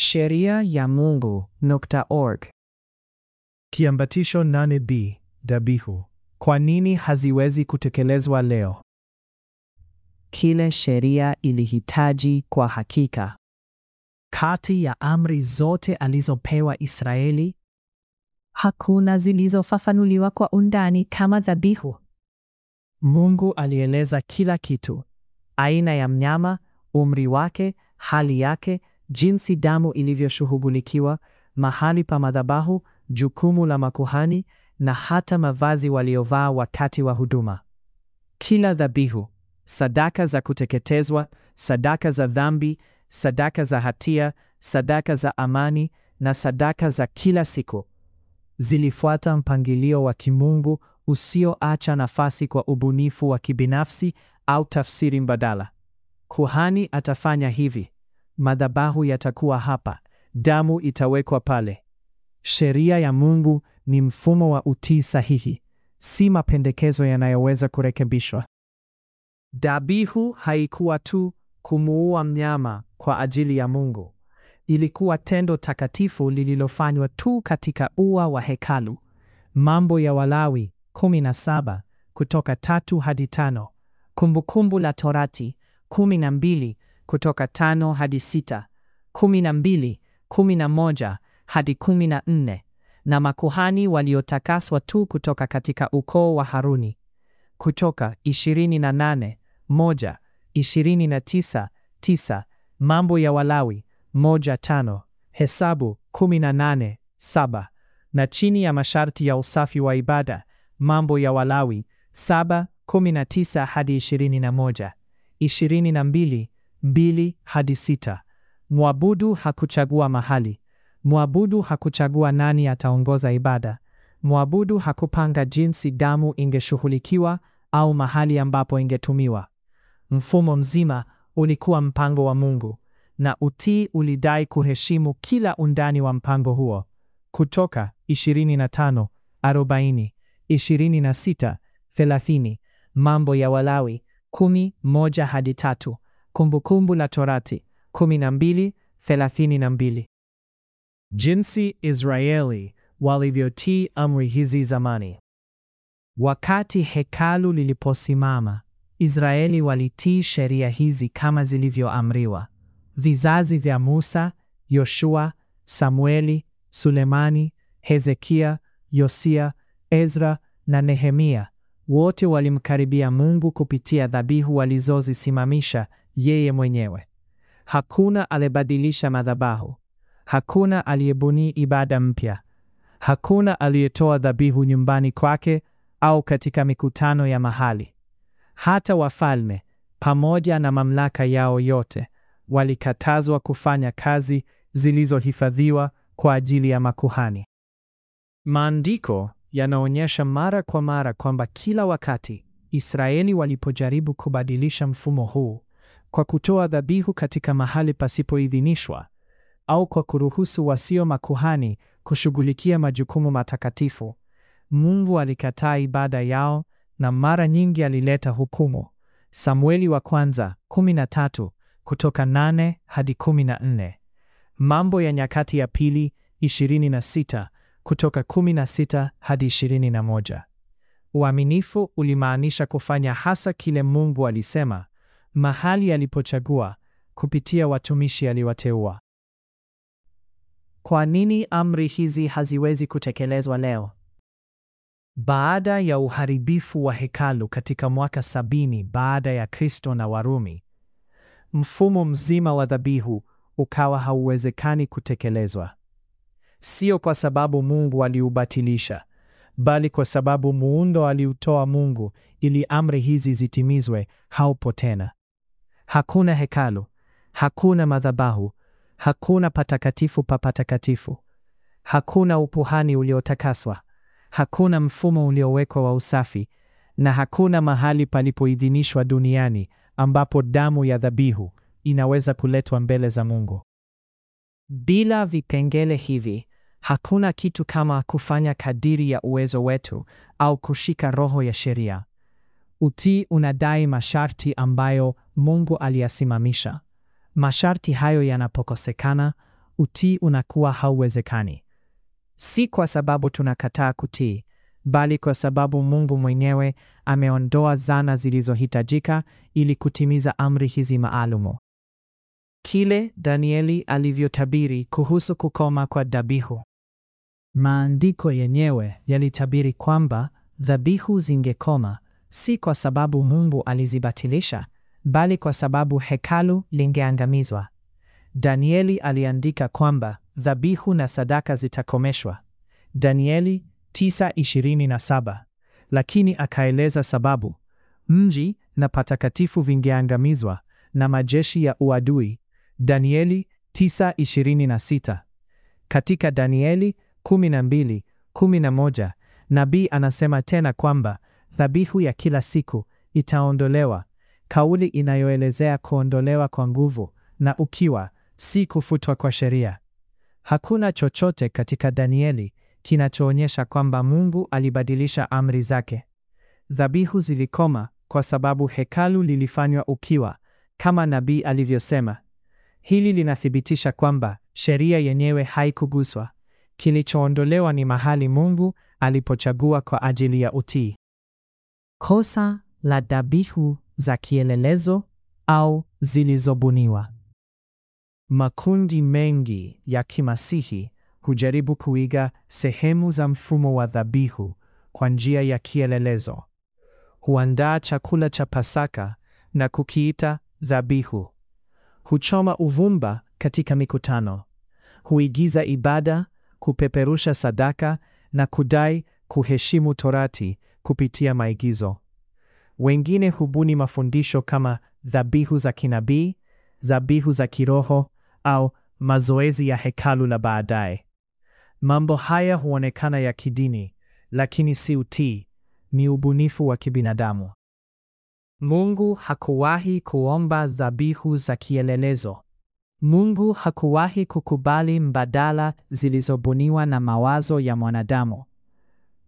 sheria ya org. Kiambatisho 8b dabihu. Kwa nini haziwezi kutekelezwa leo? Kile sheria ilihitaji kwa hakika. Kati ya amri zote alizopewa Israeli, hakuna zilizofafanuliwa kwa undani kama dhabihu. Mungu alieleza kila kitu: aina ya mnyama, umri wake, hali yake, jinsi damu ilivyoshughulikiwa, mahali pa madhabahu, jukumu la makuhani na hata mavazi waliovaa wakati wa huduma. Kila dhabihu, sadaka za kuteketezwa, sadaka za dhambi, sadaka za hatia, sadaka za amani na sadaka za kila siku zilifuata mpangilio wa kimungu usioacha nafasi kwa ubunifu wa kibinafsi au tafsiri mbadala. Kuhani atafanya hivi: madhabahu yatakuwa hapa, damu itawekwa pale. Sheria ya Mungu ni mfumo wa utii sahihi, si mapendekezo yanayoweza kurekebishwa. Dhabihu haikuwa tu kumuua mnyama kwa ajili ya Mungu. Ilikuwa tendo takatifu lililofanywa tu katika ua wa hekalu. Mambo ya Walawi 17 kutoka tatu hadi tano. Kumbukumbu la Torati 12 kutoka tano hadi sita, kumi na mbili, kumi na moja hadi kumi na nne na makuhani waliotakaswa tu kutoka katika ukoo wa Haruni. Kutoka ishirini na nane, moja, ishirini na tisa, tisa. Mambo ya Walawi moja tano, Hesabu kumi na nane, saba, na chini ya masharti ya usafi wa ibada Mambo ya Walawi saba kumi na tisa hadi ishirini ishirini na moja na mbili mbili hadi sita. Mwabudu hakuchagua mahali. Mwabudu hakuchagua nani ataongoza ibada. Mwabudu hakupanga jinsi damu ingeshughulikiwa au mahali ambapo ingetumiwa. Mfumo mzima ulikuwa mpango wa Mungu na utii ulidai kuheshimu kila undani wa mpango huo. Kutoka 25 40 26 30, Mambo ya Walawi 10 1 hadi 3. Kumbukumbu la Torati 12:32. Jinsi Israeli walivyotii amri hizi zamani. Wakati hekalu liliposimama, Israeli walitii sheria hizi kama zilivyoamriwa. Vizazi vya Musa, Yoshua, Samueli, Sulemani, Hezekia, Yosia, Ezra na Nehemia wote walimkaribia Mungu kupitia dhabihu walizozisimamisha yeye mwenyewe. Hakuna alibadilisha madhabahu, hakuna aliyebuni ibada mpya, hakuna aliyetoa dhabihu nyumbani kwake au katika mikutano ya mahali. Hata wafalme pamoja na mamlaka yao yote walikatazwa kufanya kazi zilizohifadhiwa kwa ajili ya makuhani. Maandiko yanaonyesha mara kwa mara kwamba kila wakati Israeli walipojaribu kubadilisha mfumo huu, kwa kutoa dhabihu katika mahali pasipoidhinishwa au kwa kuruhusu wasio makuhani kushughulikia majukumu matakatifu. Mungu alikataa ibada yao na mara nyingi alileta hukumu. Samueli wa kwanza 13 kutoka 8 hadi 14. Mambo ya Nyakati ya Pili 26 kutoka 16 hadi 21. Uaminifu ulimaanisha kufanya hasa kile Mungu alisema mahali alipochagua kupitia watumishi aliwateua. Kwa nini amri hizi haziwezi kutekelezwa leo? Baada ya uharibifu wa hekalu katika mwaka sabini baada ya Kristo na Warumi, mfumo mzima wa dhabihu ukawa hauwezekani kutekelezwa, sio kwa sababu Mungu aliubatilisha, bali kwa sababu muundo aliutoa Mungu ili amri hizi zitimizwe haupo tena. Hakuna hekalu, hakuna madhabahu, hakuna patakatifu pa patakatifu, hakuna upuhani uliotakaswa, hakuna mfumo uliowekwa wa usafi, na hakuna mahali palipoidhinishwa duniani ambapo damu ya dhabihu inaweza kuletwa mbele za Mungu. Bila vipengele hivi, hakuna kitu kama kufanya kadiri ya uwezo wetu au kushika roho ya sheria. Utii unadai masharti ambayo Mungu aliyasimamisha. Masharti hayo yanapokosekana, utii unakuwa hauwezekani. Si kwa sababu tunakataa kutii, bali kwa sababu Mungu mwenyewe ameondoa zana zilizohitajika ili kutimiza amri hizi maalumu. Kile Danieli alivyotabiri kuhusu kukoma kwa dhabihu. Maandiko yenyewe yalitabiri kwamba dhabihu zingekoma si kwa sababu Mungu alizibatilisha, bali kwa sababu hekalu lingeangamizwa. Danieli aliandika kwamba dhabihu na sadaka zitakomeshwa, Danieli 9:27, lakini akaeleza sababu: mji na patakatifu vingeangamizwa na majeshi ya uadui, Danieli 9:26. Katika Danieli 12:11 nabii anasema tena kwamba Dhabihu ya kila siku itaondolewa, kauli inayoelezea kuondolewa kwa nguvu na ukiwa, si kufutwa kwa sheria. Hakuna chochote katika Danieli kinachoonyesha kwamba Mungu alibadilisha amri zake. Dhabihu zilikoma kwa sababu hekalu lilifanywa ukiwa, kama nabii alivyosema. Hili linathibitisha kwamba sheria yenyewe haikuguswa. Kilichoondolewa ni mahali Mungu alipochagua kwa ajili ya utii kosa la dhabihu za kielelezo au zilizobuniwa. Makundi mengi ya kimasihi hujaribu kuiga sehemu za mfumo wa dhabihu kwa njia ya kielelezo. Huandaa chakula cha Pasaka na kukiita dhabihu. Huchoma uvumba katika mikutano. Huigiza ibada, kupeperusha sadaka na kudai kuheshimu Torati kupitia maigizo. Wengine hubuni mafundisho kama dhabihu za kinabii, dhabihu za kiroho au mazoezi ya hekalu la baadaye. Mambo haya huonekana ya kidini, lakini si utii, ni ubunifu wa kibinadamu. Mungu hakuwahi kuomba dhabihu za kielelezo. Mungu hakuwahi kukubali mbadala zilizobuniwa na mawazo ya mwanadamu.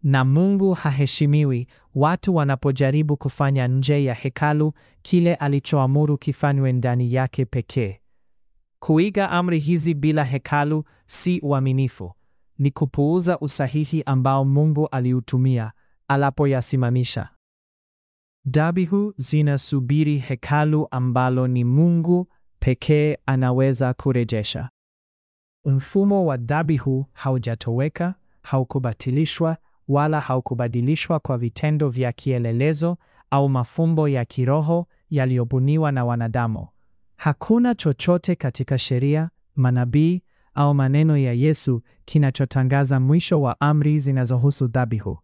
Na Mungu haheshimiwi watu wanapojaribu kufanya nje ya hekalu kile alichoamuru kifanywe ndani yake pekee. Kuiga amri hizi bila hekalu si uaminifu, ni kupuuza usahihi ambao Mungu aliutumia alapoyasimamisha. Dhabihu zinasubiri hekalu ambalo ni Mungu pekee anaweza kurejesha. Mfumo wa dhabihu haujatoweka, haukubatilishwa wala haukubadilishwa kwa vitendo vya kielelezo au mafumbo ya kiroho yaliyobuniwa na wanadamu. Hakuna chochote katika sheria, manabii au maneno ya Yesu kinachotangaza mwisho wa amri zinazohusu dhabihu.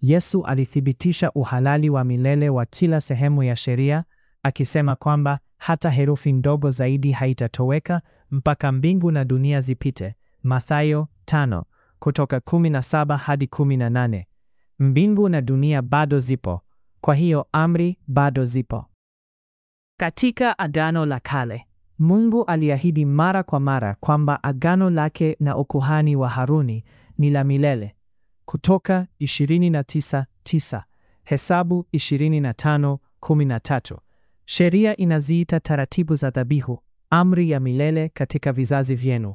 Yesu alithibitisha uhalali wa milele wa kila sehemu ya sheria akisema kwamba hata herufi ndogo zaidi haitatoweka mpaka mbingu na dunia zipite. Mathayo tano kutoka 17 hadi 18. Mbingu na dunia bado zipo, kwa hiyo amri bado zipo. Katika Agano la Kale, Mungu aliahidi mara kwa mara kwamba agano lake na ukuhani wa Haruni ni la milele. Kutoka 29:9, Hesabu 25:13. Sheria inaziita taratibu za dhabihu amri ya milele katika vizazi vyenu.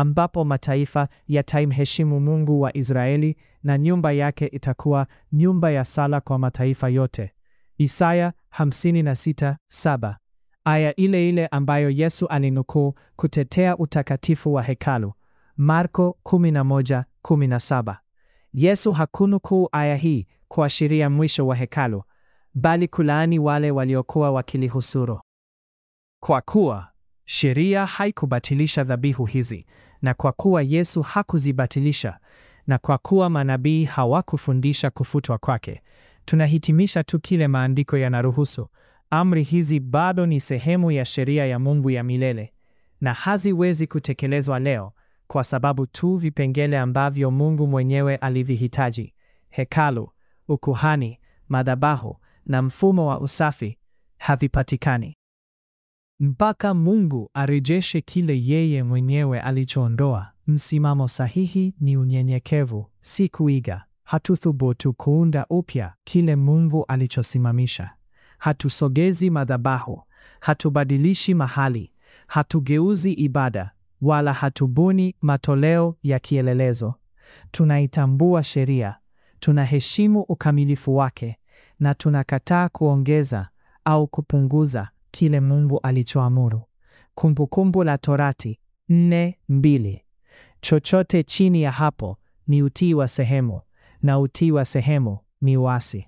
ambapo mataifa yataimheshimu Mungu wa Israeli na nyumba yake itakuwa nyumba ya sala kwa mataifa yote. Isaya 56:7. Aya ile ile ambayo Yesu alinukuu kutetea utakatifu wa hekalu. Marko 11:17. Yesu hakunukuu aya hii kuashiria mwisho wa hekalu, bali kulaani wale waliokuwa wakilihusuru. Kwa kuwa sheria haikubatilisha dhabihu hizi, na kwa kuwa Yesu hakuzibatilisha na kwa kuwa manabii hawakufundisha kufutwa kwake, tunahitimisha tu kile maandiko yanaruhusu. Amri hizi bado ni sehemu ya sheria ya Mungu ya milele na haziwezi kutekelezwa leo kwa sababu tu vipengele ambavyo Mungu mwenyewe alivihitaji: hekalu, ukuhani, madhabahu na mfumo wa usafi havipatikani mpaka Mungu arejeshe kile yeye mwenyewe alichoondoa. Msimamo sahihi ni unyenyekevu, si kuiga. Hatuthubutu kuunda upya kile Mungu alichosimamisha. Hatusogezi madhabahu, hatubadilishi mahali, hatugeuzi ibada, wala hatubuni matoleo ya kielelezo. Tunaitambua sheria, tunaheshimu ukamilifu wake, na tunakataa kuongeza au kupunguza kile Mungu alichoamuru. Kumbukumbu la Torati nne mbili. Chochote chini ya hapo ni utii wa sehemu na utii wa sehemu ni wasi.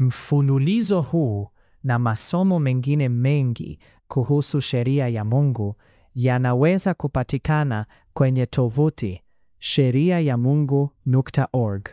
mfunulizo huu na masomo mengine mengi kuhusu sheria ya Mungu yanaweza kupatikana kwenye tovuti sheria ya Mungu.org.